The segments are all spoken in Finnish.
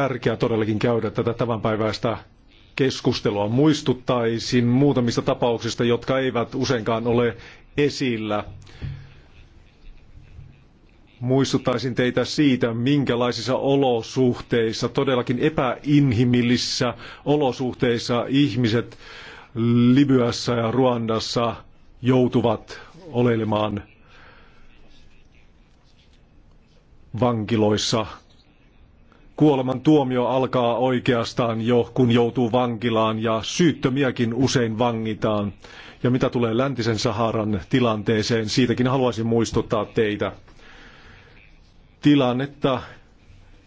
tärkeää todellakin käydä tätä tämänpäiväistä keskustelua. Muistuttaisin muutamista tapauksista, jotka eivät useinkaan ole esillä. Muistuttaisin teitä siitä, minkälaisissa olosuhteissa, todellakin epäinhimillisissä olosuhteissa ihmiset Libyassa ja Ruandassa joutuvat olemaan vankiloissa kuoleman tuomio alkaa oikeastaan jo, kun joutuu vankilaan ja syyttömiäkin usein vangitaan. Ja mitä tulee läntisen Saharan tilanteeseen, siitäkin haluaisin muistuttaa teitä. Tilannetta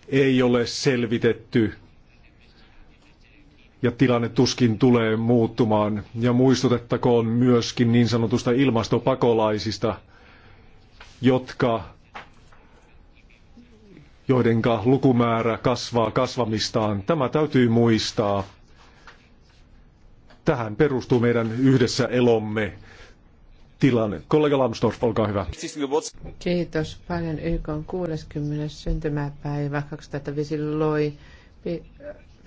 ei ole selvitetty ja tilanne tuskin tulee muuttumaan. Ja muistutettakoon myöskin niin sanotusta ilmastopakolaisista, jotka joidenka lukumäärä kasvaa kasvamistaan. Tämä täytyy muistaa. Tähän perustuu meidän yhdessä elomme tilanne. Kollega Lambsdorff, olkaa hyvä. Kiitos paljon. YK on 60. syntymäpäivä 2005 loi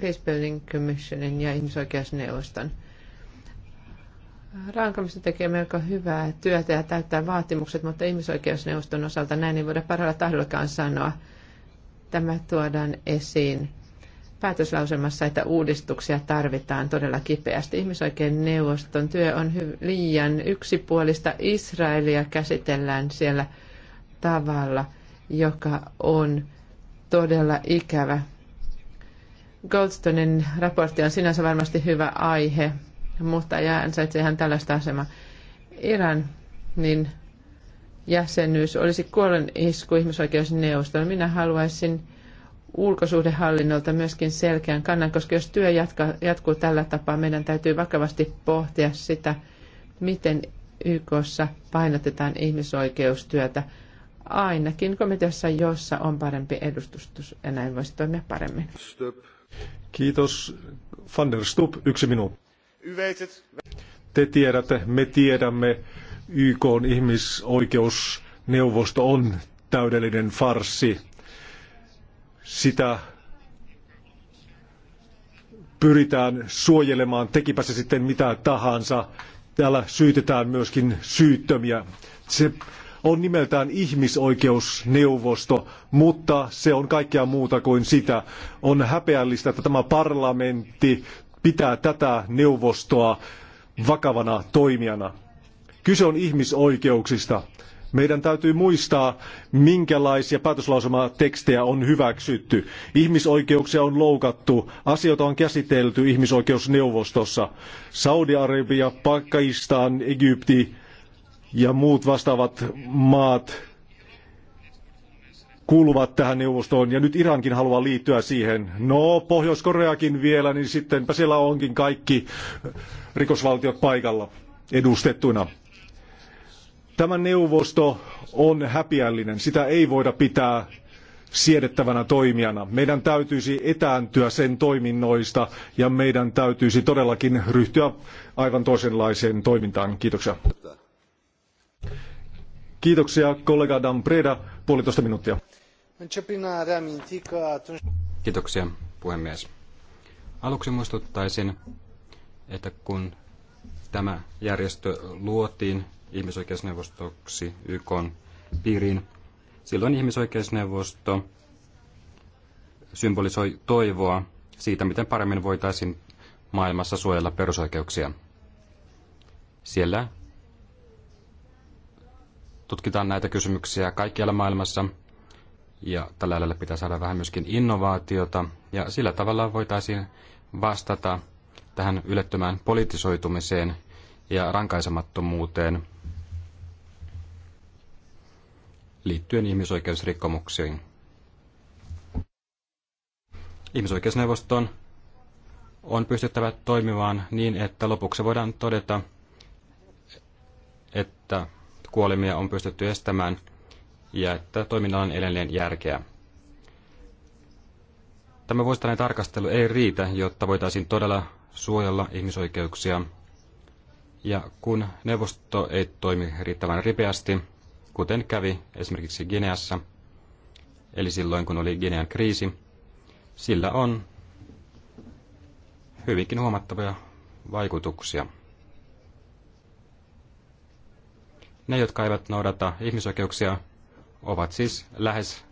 Facebuilding Commissionin ja ihmisoikeusneuvoston. Rankamista tekee melko hyvää työtä ja täyttää vaatimukset, mutta ihmisoikeusneuvoston osalta näin ei voida parhaalla tahdollakaan sanoa tämä tuodaan esiin päätöslauselmassa, että uudistuksia tarvitaan todella kipeästi. Ihmisoikein neuvoston työ on liian yksipuolista. Israelia käsitellään siellä tavalla, joka on todella ikävä. Goldstonen raportti on sinänsä varmasti hyvä aihe, mutta ei ansaitse ihan tällaista asemaa. Iran, niin jäsenyys olisi kuollon isku ihmisoikeusneuvostolle. Minä haluaisin ulkosuhdehallinnolta myöskin selkeän kannan, koska jos työ jatka, jatkuu tällä tapaa, meidän täytyy vakavasti pohtia sitä, miten YKssa painotetaan ihmisoikeustyötä ainakin komiteassa, jossa on parempi edustus ja näin voisi toimia paremmin. Kiitos. Van der Stub, yksi minuutti. Te tiedätte, me tiedämme, YK ihmisoikeusneuvosto on täydellinen farsi. Sitä pyritään suojelemaan, tekipä se sitten mitä tahansa. Täällä syytetään myöskin syyttömiä. Se on nimeltään ihmisoikeusneuvosto, mutta se on kaikkea muuta kuin sitä. On häpeällistä, että tämä parlamentti pitää tätä neuvostoa vakavana toimijana. Kyse on ihmisoikeuksista. Meidän täytyy muistaa, minkälaisia päätöslausumatekstejä on hyväksytty. Ihmisoikeuksia on loukattu, asioita on käsitelty ihmisoikeusneuvostossa. Saudi-Arabia, Pakistan, Egypti ja muut vastaavat maat kuuluvat tähän neuvostoon ja nyt Irankin haluaa liittyä siihen. No, Pohjois-Koreakin vielä, niin sittenpä siellä onkin kaikki rikosvaltiot paikalla edustettuina. Tämä neuvosto on häpiällinen. Sitä ei voida pitää siedettävänä toimijana. Meidän täytyisi etääntyä sen toiminnoista ja meidän täytyisi todellakin ryhtyä aivan toisenlaiseen toimintaan. Kiitoksia. Kiitoksia kollega Dan Preda, puolitoista minuuttia. Kiitoksia puhemies. Aluksi muistuttaisin, että kun tämä järjestö luotiin ihmisoikeusneuvostoksi YK piiriin. Silloin ihmisoikeusneuvosto symbolisoi toivoa siitä, miten paremmin voitaisiin maailmassa suojella perusoikeuksia. Siellä tutkitaan näitä kysymyksiä kaikkialla maailmassa ja tällä lailla pitää saada vähän myöskin innovaatiota ja sillä tavalla voitaisiin vastata tähän ylettömään politisoitumiseen ja rankaisemattomuuteen, liittyen ihmisoikeusrikkomuksiin. Ihmisoikeusneuvoston on pystyttävä toimimaan niin, että lopuksi voidaan todeta, että kuolemia on pystytty estämään ja että toiminnalla on edelleen järkeä. Tämä vuosittainen tarkastelu ei riitä, jotta voitaisiin todella suojella ihmisoikeuksia. Ja kun neuvosto ei toimi riittävän ripeästi, kuten kävi esimerkiksi Gineassa, eli silloin kun oli Ginean kriisi, sillä on hyvinkin huomattavia vaikutuksia. Ne, jotka eivät noudata ihmisoikeuksia, ovat siis lähes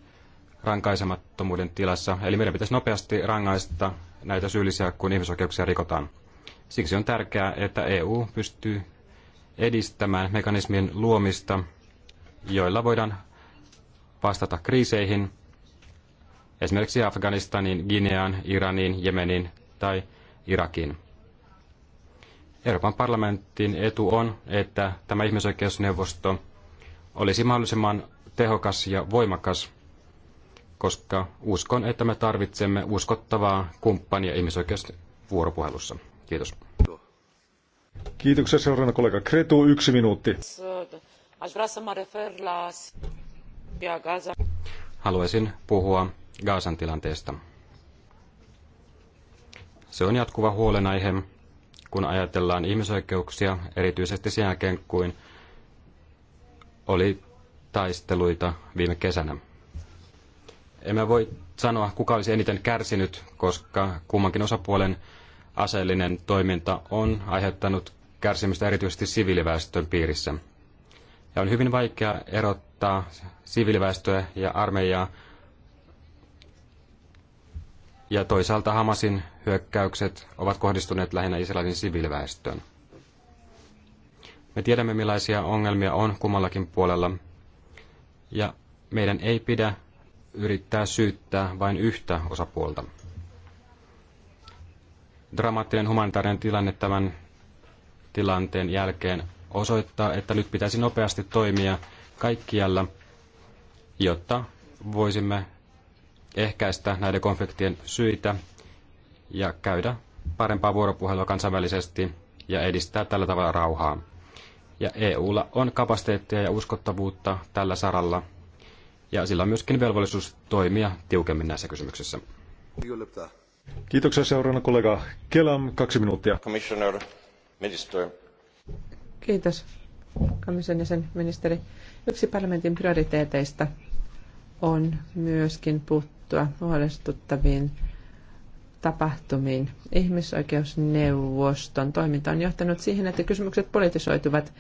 rankaisemattomuuden tilassa, eli meidän pitäisi nopeasti rangaista näitä syyllisiä, kun ihmisoikeuksia rikotaan. Siksi on tärkeää, että EU pystyy edistämään mekanismien luomista, joilla voidaan vastata kriiseihin, esimerkiksi Afganistaniin, Guineaan, Iraniin, Jemeniin tai Irakiin. Euroopan parlamentin etu on, että tämä ihmisoikeusneuvosto olisi mahdollisimman tehokas ja voimakas, koska uskon, että me tarvitsemme uskottavaa kumppania ihmisoikeusvuoropuhelussa. Kiitos. Kiitoksia seuraavana kollega Kretu, yksi minuutti. Haluaisin puhua Gaasan tilanteesta. Se on jatkuva huolenaihe, kun ajatellaan ihmisoikeuksia, erityisesti sen jälkeen, kuin oli taisteluita viime kesänä. Emme voi sanoa, kuka olisi eniten kärsinyt, koska kummankin osapuolen aseellinen toiminta on aiheuttanut kärsimystä erityisesti siviiliväestön piirissä. Ja on hyvin vaikea erottaa siviiliväestöä ja armeijaa. Ja toisaalta Hamasin hyökkäykset ovat kohdistuneet lähinnä Israelin siviiliväestöön. Me tiedämme, millaisia ongelmia on kummallakin puolella. Ja meidän ei pidä yrittää syyttää vain yhtä osapuolta. Dramaattinen humanitaarinen tilanne tämän tilanteen jälkeen osoittaa, että nyt pitäisi nopeasti toimia kaikkialla, jotta voisimme ehkäistä näiden konfliktien syitä ja käydä parempaa vuoropuhelua kansainvälisesti ja edistää tällä tavalla rauhaa. Ja EUlla on kapasiteettia ja uskottavuutta tällä saralla, ja sillä on myöskin velvollisuus toimia tiukemmin näissä kysymyksissä. Kiitoksia seuraavana kollega Kelam, kaksi minuuttia. Commissioner, minister. Kiitos komission jäsen ministeri. Yksi parlamentin prioriteeteista on myöskin puuttua huolestuttaviin tapahtumiin. Ihmisoikeusneuvoston toiminta on johtanut siihen, että kysymykset politisoituvat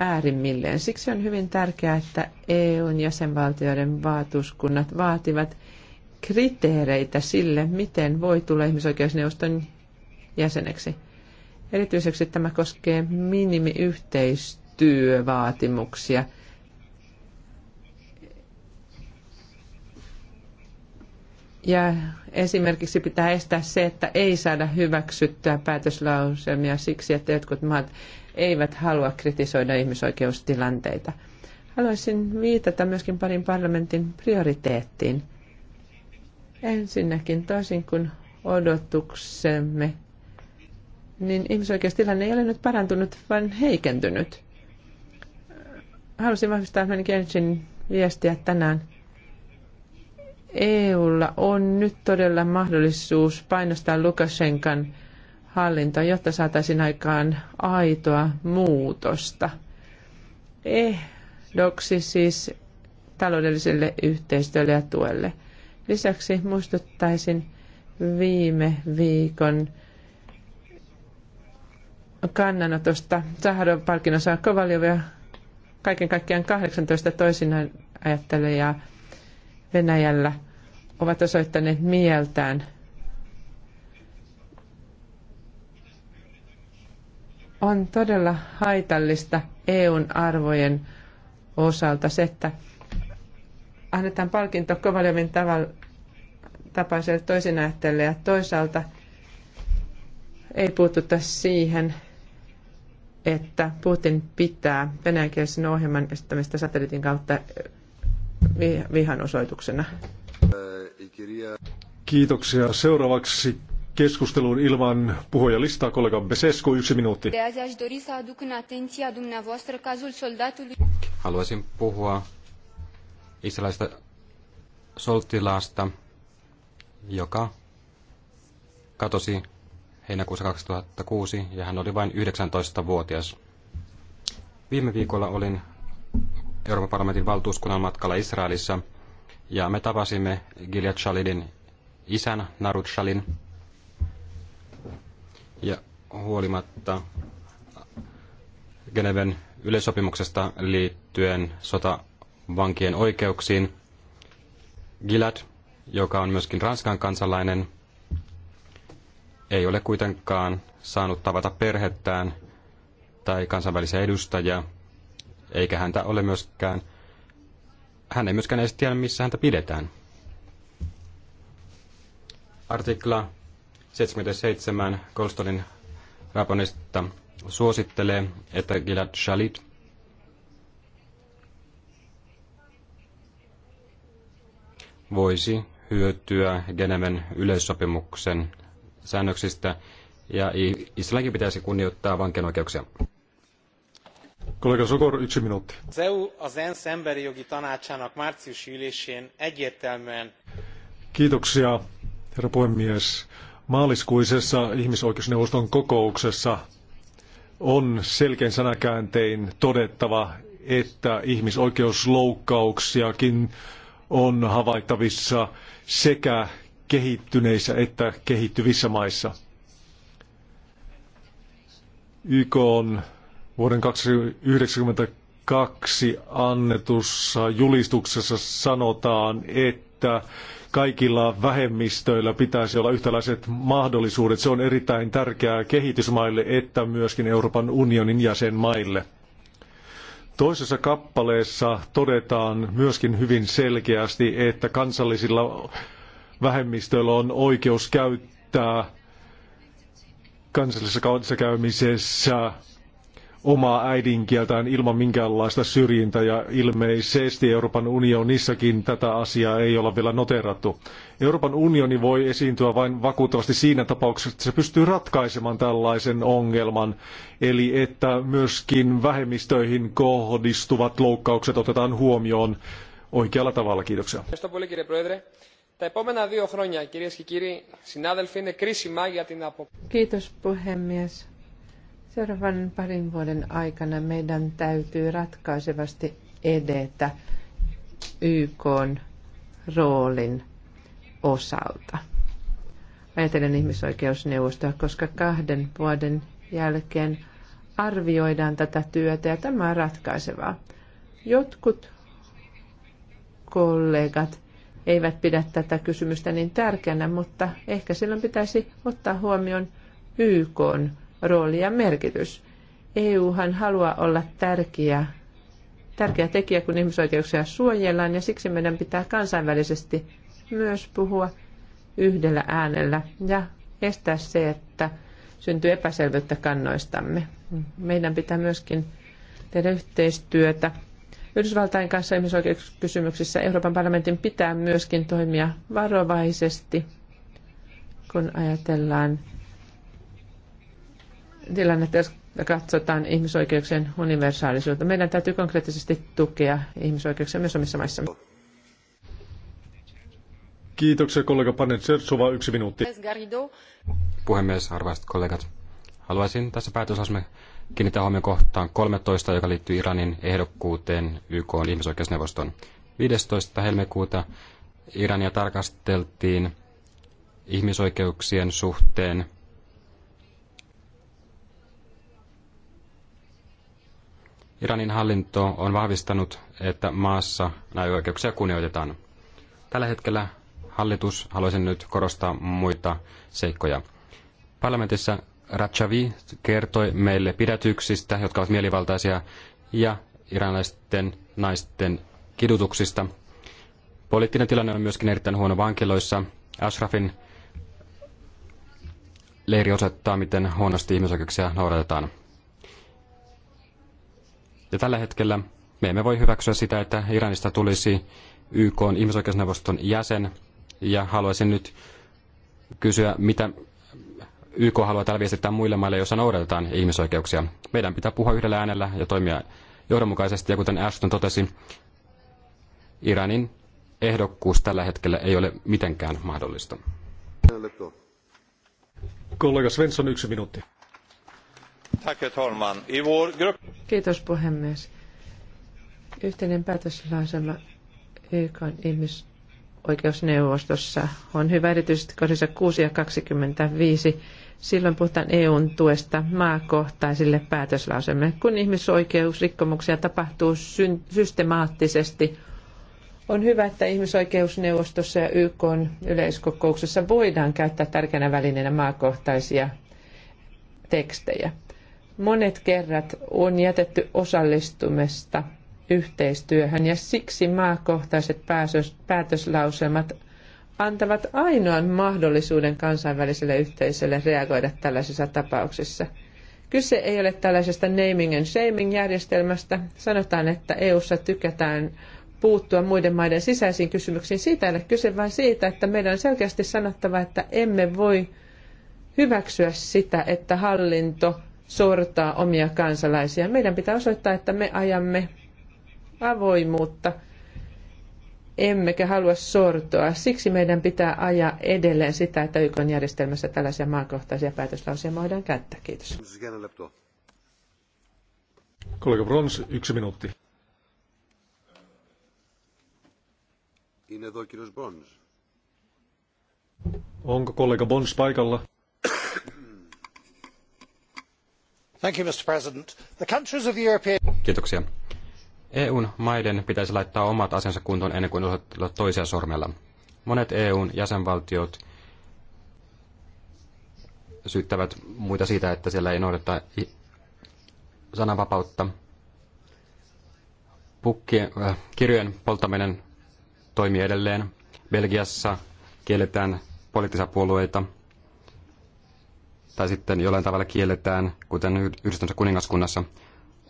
äärimmilleen. Siksi on hyvin tärkeää, että EUn jäsenvaltioiden vaatuskunnat vaativat kriteereitä sille, miten voi tulla ihmisoikeusneuvoston jäseneksi. Erityiseksi tämä koskee minimiyhteistyövaatimuksia. Ja esimerkiksi pitää estää se, että ei saada hyväksyttyä päätöslauselmia siksi, että jotkut maat eivät halua kritisoida ihmisoikeustilanteita. Haluaisin viitata myöskin parin parlamentin prioriteettiin. Ensinnäkin toisin kuin odotuksemme niin ihmisoikeustilanne ei ole nyt parantunut, vaan heikentynyt. Halusin vahvistaa Menkensin viestiä tänään. EUlla on nyt todella mahdollisuus painostaa Lukashenkan hallintoa, jotta saataisiin aikaan aitoa muutosta. Ehdoksi siis taloudelliselle yhteistyölle ja tuelle. Lisäksi muistuttaisin viime viikon kannanotosta Saharon palkinnon saa Kovaljov ja kaiken kaikkiaan 18 toisinaan ajattelijaa Venäjällä ovat osoittaneet mieltään. On todella haitallista EUn arvojen osalta se, että annetaan palkinto Kovaljovin tavalla tapaiselle toisinajattelijalle ja toisaalta ei puututa siihen, että Putin pitää venäjänkielisen ohjelman esittämistä satelliitin kautta eh, vihanosoituksena. Kiitoksia. Seuraavaksi keskusteluun ilman puhujalistaa kollega Besescu, yksi minuutti. Haluaisin puhua israelista soltilaasta, joka katosi heinäkuussa 2006 ja hän oli vain 19-vuotias. Viime viikolla olin Euroopan parlamentin valtuuskunnan matkalla Israelissa ja me tapasimme Gilead Shalidin isän Narut Shalin. Ja huolimatta Geneven yleissopimuksesta liittyen sotavankien oikeuksiin, Gilad, joka on myöskin Ranskan kansalainen, ei ole kuitenkaan saanut tavata perhettään tai kansainvälisiä edustajia, eikä häntä ole myöskään, hän ei myöskään edes tiedä, missä häntä pidetään. Artikla 77 kolstolin raponista suosittelee, että Gilad Shalit voisi hyötyä Geneven yleissopimuksen säännöksistä ja Islannin pitäisi kunnioittaa vankien oikeuksia. Kollega Sokor, yksi minuutti. Az az ENSZ emberi jogi tanácsának márciusi ülésén egyértelműen... Kiitoksia, herra puhemies. Maaliskuisessa ihmisoikeusneuvoston kokouksessa on selkeän sanakääntein todettava, että ihmisoikeusloukkauksiakin on havaittavissa sekä kehittyneissä että kehittyvissä maissa. YK on vuoden 1992 annetussa julistuksessa sanotaan, että kaikilla vähemmistöillä pitäisi olla yhtäläiset mahdollisuudet. Se on erittäin tärkeää kehitysmaille että myöskin Euroopan unionin jäsenmaille. Toisessa kappaleessa todetaan myöskin hyvin selkeästi, että kansallisilla vähemmistöillä on oikeus käyttää kansallisessa kanssakäymisessä omaa äidinkieltään ilman minkäänlaista syrjintää ja ilmeisesti Euroopan unionissakin tätä asiaa ei olla vielä noterattu. Euroopan unioni voi esiintyä vain vakuuttavasti siinä tapauksessa, että se pystyy ratkaisemaan tällaisen ongelman, eli että myöskin vähemmistöihin kohdistuvat loukkaukset otetaan huomioon oikealla tavalla. Kiitoksia. Τα επόμενα δύο χρόνια, κυρίες και κύριοι, συνάδελφοι, είναι κρίσιμα για την puhemies. Seuraavan parin vuoden aikana meidän täytyy ratkaisevasti edetä YK roolin osalta. Ajatellen ihmisoikeusneuvostoa, koska kahden vuoden jälkeen arvioidaan tätä työtä ja tämä on ratkaisevaa. Jotkut kollegat eivät pidä tätä kysymystä niin tärkeänä, mutta ehkä silloin pitäisi ottaa huomioon YK rooli ja merkitys. EUhan haluaa olla tärkeä, tärkeä tekijä, kun ihmisoikeuksia suojellaan, ja siksi meidän pitää kansainvälisesti myös puhua yhdellä äänellä ja estää se, että syntyy epäselvyyttä kannoistamme. Meidän pitää myöskin tehdä yhteistyötä Yhdysvaltain kanssa ihmisoikeuskysymyksissä Euroopan parlamentin pitää myöskin toimia varovaisesti, kun ajatellaan tilannetta, jos katsotaan ihmisoikeuksien universaalisuutta. Meidän täytyy konkreettisesti tukea ihmisoikeuksia myös omissa maissamme. Kiitoksia kollega Panen Sertsova, yksi minuutti. Puhemies, arvoisat kollegat. Haluaisin tässä päätösasemme kiinnitän huomioon kohtaan 13, joka liittyy Iranin ehdokkuuteen YK on ihmisoikeusneuvoston 15. helmikuuta. Irania tarkasteltiin ihmisoikeuksien suhteen Iranin hallinto on vahvistanut, että maassa näitä oikeuksia kunnioitetaan. Tällä hetkellä hallitus, haluaisin nyt korostaa muita seikkoja. Parlamentissa Rajavi kertoi meille pidätyksistä, jotka ovat mielivaltaisia, ja iranilaisten naisten kidutuksista. Poliittinen tilanne on myöskin erittäin huono vankiloissa. Ashrafin leiri osoittaa, miten huonosti ihmisoikeuksia noudatetaan. Ja tällä hetkellä me emme voi hyväksyä sitä, että Iranista tulisi YK ihmisoikeusneuvoston jäsen. Ja haluaisin nyt kysyä, mitä YK haluaa täällä viestittää muille maille, joissa noudatetaan ihmisoikeuksia. Meidän pitää puhua yhdellä äänellä ja toimia johdonmukaisesti. Ja kuten Ashton totesi, Iranin ehdokkuus tällä hetkellä ei ole mitenkään mahdollista. Kollega Svensson, yksi minuutti. Kiitos puhemies. Yhteinen päätöslauselma YK ihmisoikeuksia oikeusneuvostossa on hyvä erityisesti kohdissa 6 ja 25. Silloin puhutaan EUn tuesta maakohtaisille päätöslauselmille. Kun ihmisoikeusrikkomuksia tapahtuu systemaattisesti, on hyvä, että ihmisoikeusneuvostossa ja YK yleiskokouksessa voidaan käyttää tärkeänä välineenä maakohtaisia tekstejä. Monet kerrat on jätetty osallistumista – yhteistyöhön ja siksi maakohtaiset päätöslauselmat antavat ainoan mahdollisuuden kansainväliselle yhteisölle reagoida tällaisissa tapauksissa. Kyse ei ole tällaisesta naming and shaming järjestelmästä. Sanotaan, että EU:ssa tykätään puuttua muiden maiden sisäisiin kysymyksiin. Siitä ei ole kyse vain siitä, että meidän on selkeästi sanottava, että emme voi hyväksyä sitä, että hallinto sortaa omia kansalaisia. Meidän pitää osoittaa, että me ajamme avoimuutta, emmekä halua sortoa. Siksi meidän pitää ajaa edelleen sitä, että YK järjestelmässä tällaisia maankohtaisia päätöslausia voidaan käyttää. Kiitos. Kollega Brons, yksi minuutti. Onko kollega Bons paikalla? Thank you, Mr. President. The countries of the European... Kiitoksia. EUn maiden pitäisi laittaa omat asensa kuntoon ennen kuin osoittaa toisia sormella. Monet EUn jäsenvaltiot syyttävät muita siitä, että siellä ei noudata sananvapautta. Pukkien, äh, kirjojen polttaminen toimii edelleen. Belgiassa kielletään poliittisia puolueita tai sitten jollain tavalla kielletään, kuten yhdistyneessä kuningaskunnassa,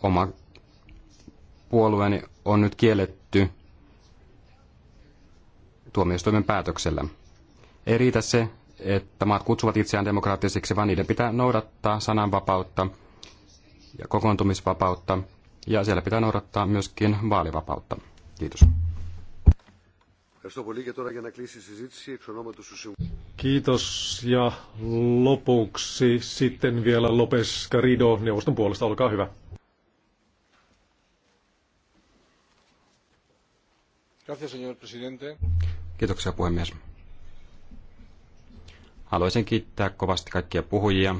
oma puolueeni on nyt kielletty tuomioistuimen päätöksellä. Ei riitä se, että maat kutsuvat itseään demokraattisiksi, vaan niiden pitää noudattaa sananvapautta ja kokoontumisvapautta, ja siellä pitää noudattaa myöskin vaalivapautta. Kiitos. Kiitos ja lopuksi sitten vielä Lopes Carido neuvoston puolesta, olkaa hyvä. señor presidente. Kiitoksia puhemies. Haluaisin kiittää kovasti kaikkia puhujia,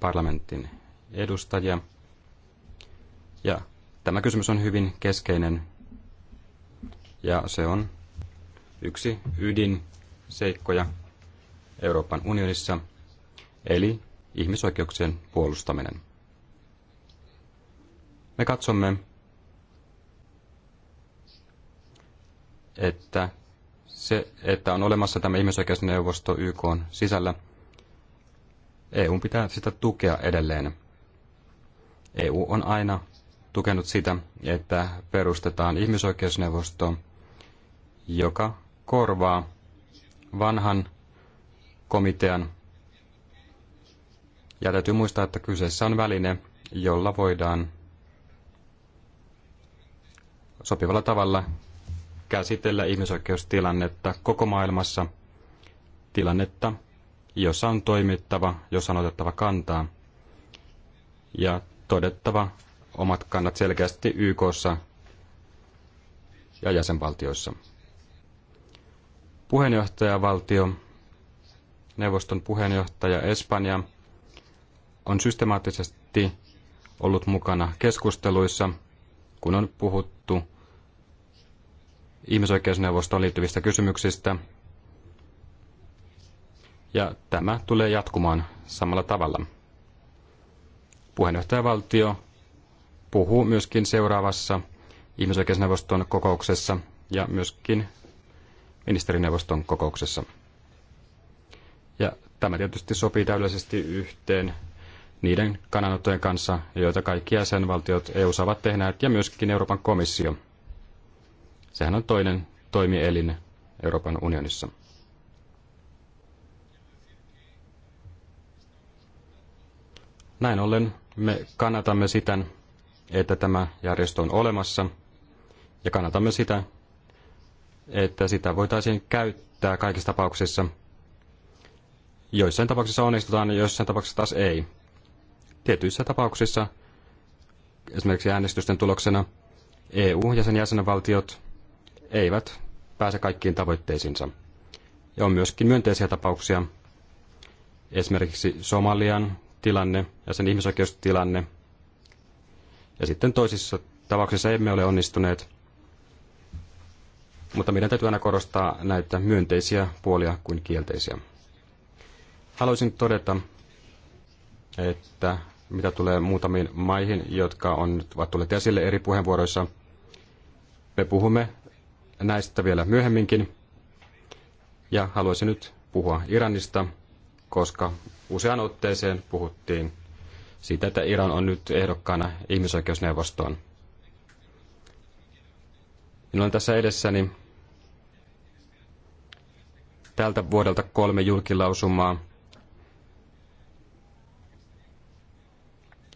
parlamentin edustajia. Ja tämä kysymys on hyvin keskeinen ja se on yksi ydinseikkoja Euroopan unionissa, eli ihmisoikeuksien puolustaminen. Me katsomme, että se, että on olemassa tämä ihmisoikeusneuvosto YK on sisällä, EU pitää sitä tukea edelleen. EU on aina tukenut sitä, että perustetaan ihmisoikeusneuvosto, joka korvaa vanhan komitean. Ja täytyy muistaa, että kyseessä on väline, jolla voidaan sopivalla tavalla käsitellä ihmisoikeustilannetta koko maailmassa, tilannetta, jossa on toimittava, jossa on otettava kantaa ja todettava omat kannat selkeästi YKssa ja jäsenvaltioissa. Puheenjohtajavaltio, neuvoston puheenjohtaja Espanja on systemaattisesti ollut mukana keskusteluissa, kun on puhuttu ihmisoikeusneuvostoon liittyvistä kysymyksistä. Ja tämä tulee jatkumaan samalla tavalla. Puheenjohtajavaltio puhuu myöskin seuraavassa ihmisoikeusneuvoston kokouksessa ja myöskin ministerineuvoston kokouksessa. Ja tämä tietysti sopii täydellisesti yhteen niiden kannanottojen kanssa, joita kaikki jäsenvaltiot EU saavat tehneet ja myöskin Euroopan komissio – Sehän on toinen toimielin Euroopan unionissa. Näin ollen me kannatamme sitä, että tämä järjestö on olemassa, ja kannatamme sitä, että sitä voitaisiin käyttää kaikissa tapauksissa. Joissain tapauksissa onnistutaan ja joissain tapauksissa taas ei. Tietyissä tapauksissa, esimerkiksi äänestysten tuloksena, EU ja sen jäsenvaltiot eivät pääse kaikkiin tavoitteisiinsa. Ja on myöskin myönteisiä tapauksia, esimerkiksi Somalian tilanne ja sen ihmisoikeustilanne. Ja sitten toisissa tapauksissa emme ole onnistuneet, mutta meidän täytyy aina korostaa näitä myönteisiä puolia kuin kielteisiä. Haluaisin todeta, että mitä tulee muutamiin maihin, jotka on, ovat tulleet esille eri puheenvuoroissa, me puhumme näistä vielä myöhemminkin. Ja haluaisin nyt puhua Iranista, koska useaan otteeseen puhuttiin siitä, että Iran on nyt ehdokkaana ihmisoikeusneuvostoon. Minulla on tässä edessäni tältä vuodelta kolme julkilausumaa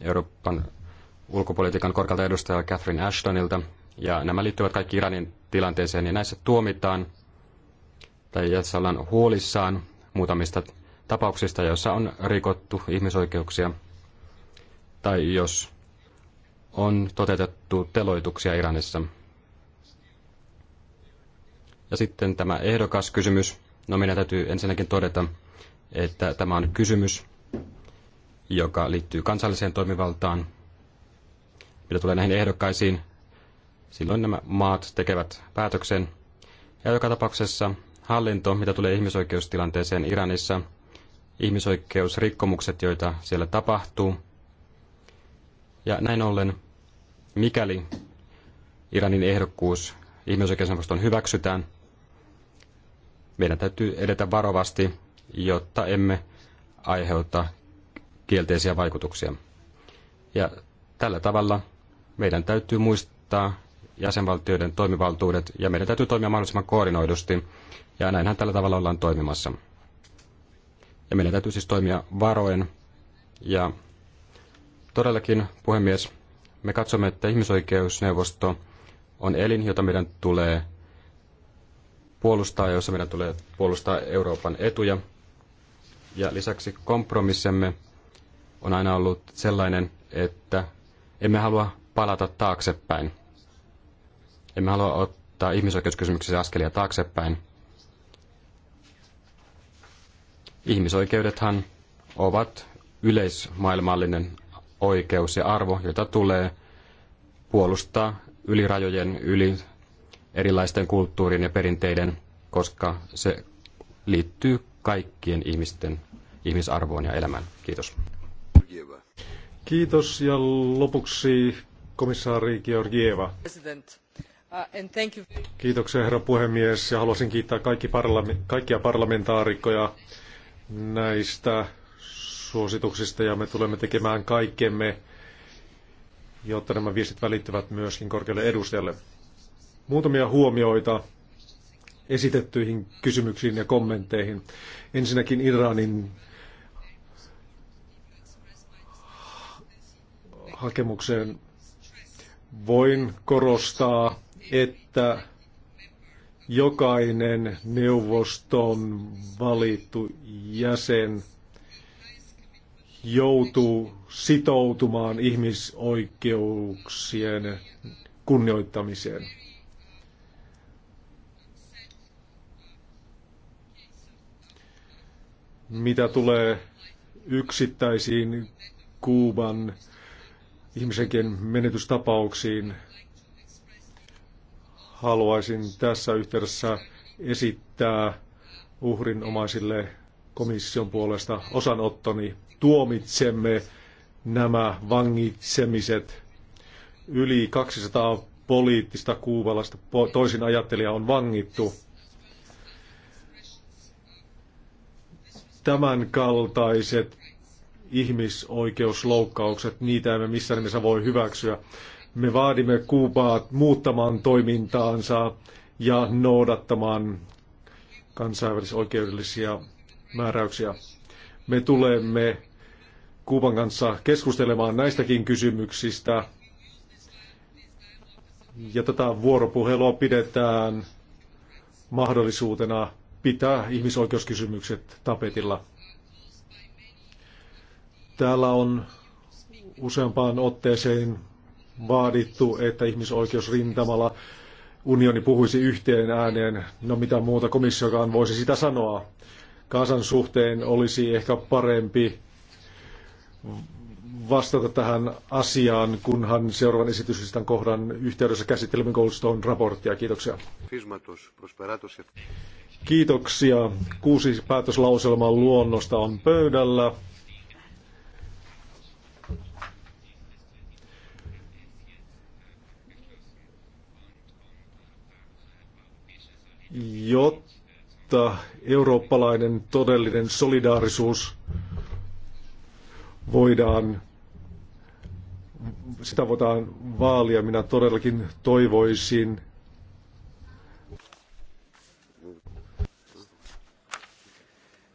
Euroopan ulkopolitiikan korkealta edustajalta Catherine Ashtonilta, ja nämä liittyvät kaikki Iranin tilanteeseen, ja niin näissä tuomitaan tai joissa ollaan huolissaan muutamista tapauksista, joissa on rikottu ihmisoikeuksia, tai jos on toteutettu teloituksia Iranissa. Ja sitten tämä ehdokaskysymys. No minä täytyy ensinnäkin todeta, että tämä on kysymys, joka liittyy kansalliseen toimivaltaan. Mitä tulee näihin ehdokkaisiin, Silloin nämä maat tekevät päätöksen. Ja joka tapauksessa hallinto, mitä tulee ihmisoikeustilanteeseen Iranissa, ihmisoikeusrikkomukset, joita siellä tapahtuu. Ja näin ollen, mikäli Iranin ehdokkuus ihmisoikeusneuvoston hyväksytään, meidän täytyy edetä varovasti, jotta emme aiheuta kielteisiä vaikutuksia. Ja tällä tavalla meidän täytyy muistaa jäsenvaltioiden toimivaltuudet ja meidän täytyy toimia mahdollisimman koordinoidusti ja näinhän tällä tavalla ollaan toimimassa. Ja meidän täytyy siis toimia varoen ja todellakin, puhemies, me katsomme, että ihmisoikeusneuvosto on elin, jota meidän tulee puolustaa, jossa meidän tulee puolustaa Euroopan etuja. Ja lisäksi kompromissemme on aina ollut sellainen, että emme halua palata taaksepäin. Emme halua ottaa ihmisoikeuskysymyksiä askelia taaksepäin. Ihmisoikeudethan ovat yleismaailmallinen oikeus ja arvo, jota tulee puolustaa yli rajojen, yli erilaisten kulttuurien ja perinteiden, koska se liittyy kaikkien ihmisten ihmisarvoon ja elämään. Kiitos. Kiitos ja lopuksi komissaari Georgieva. President. Uh, Kiitoksia herra puhemies ja haluaisin kiittää kaikki kaikkia parlamentaarikkoja näistä suosituksista ja me tulemme tekemään kaikkemme, jotta nämä viestit välittyvät myöskin korkealle edustajalle. Muutamia huomioita esitettyihin kysymyksiin ja kommentteihin. Ensinnäkin Iranin hakemukseen voin korostaa että jokainen neuvoston valittu jäsen joutuu sitoutumaan ihmisoikeuksien kunnioittamiseen. Mitä tulee yksittäisiin Kuuban ihmisenkin menetystapauksiin, haluaisin tässä yhteydessä esittää uhrinomaisille komission puolesta osanottoni. Tuomitsemme nämä vangitsemiset. Yli 200 poliittista kuubalaista toisin ajattelija on vangittu. Tämän kaltaiset ihmisoikeusloukkaukset, niitä emme missään nimessä voi hyväksyä. Me vaadimme Kuubaa muuttamaan toimintaansa ja noudattamaan kansainvälisoikeudellisia määräyksiä. Me tulemme Kuuban kanssa keskustelemaan näistäkin kysymyksistä. Ja tätä vuoropuhelua pidetään mahdollisuutena pitää ihmisoikeuskysymykset tapetilla. Täällä on useampaan otteeseen vaadittu, että ihmisoikeusrintamalla unioni puhuisi yhteen ääneen. No mitä muuta komissiokaan voisi sitä sanoa. Kansan suhteen olisi ehkä parempi vastata tähän asiaan, kunhan seuraavan esityslistan kohdan yhteydessä käsittelemme Goldstone raporttia. Kiitoksia. Kiitoksia. Kuusi päätöslauselman luonnosta on pöydällä. jotta eurooppalainen todellinen solidaarisuus voidaan, sitä voidaan vaalia. Minä todellakin toivoisin,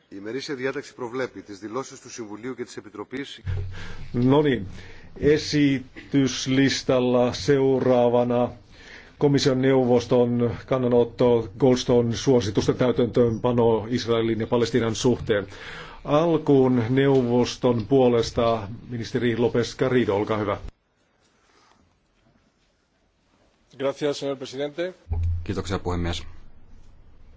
Η ημερήσια διάταξη προβλέπει τις δηλώσεις του Συμβουλίου και της Επιτροπής. No niin, esityslistalla seuraavana komission neuvoston kannanotto Goldstone-suositusten täytäntöönpano Israelin ja Palestiinan suhteen. Alkuun neuvoston puolesta ministeri López Garrido, olkaa hyvä. Gracias, señor presidente. Kiitoksia puhemies.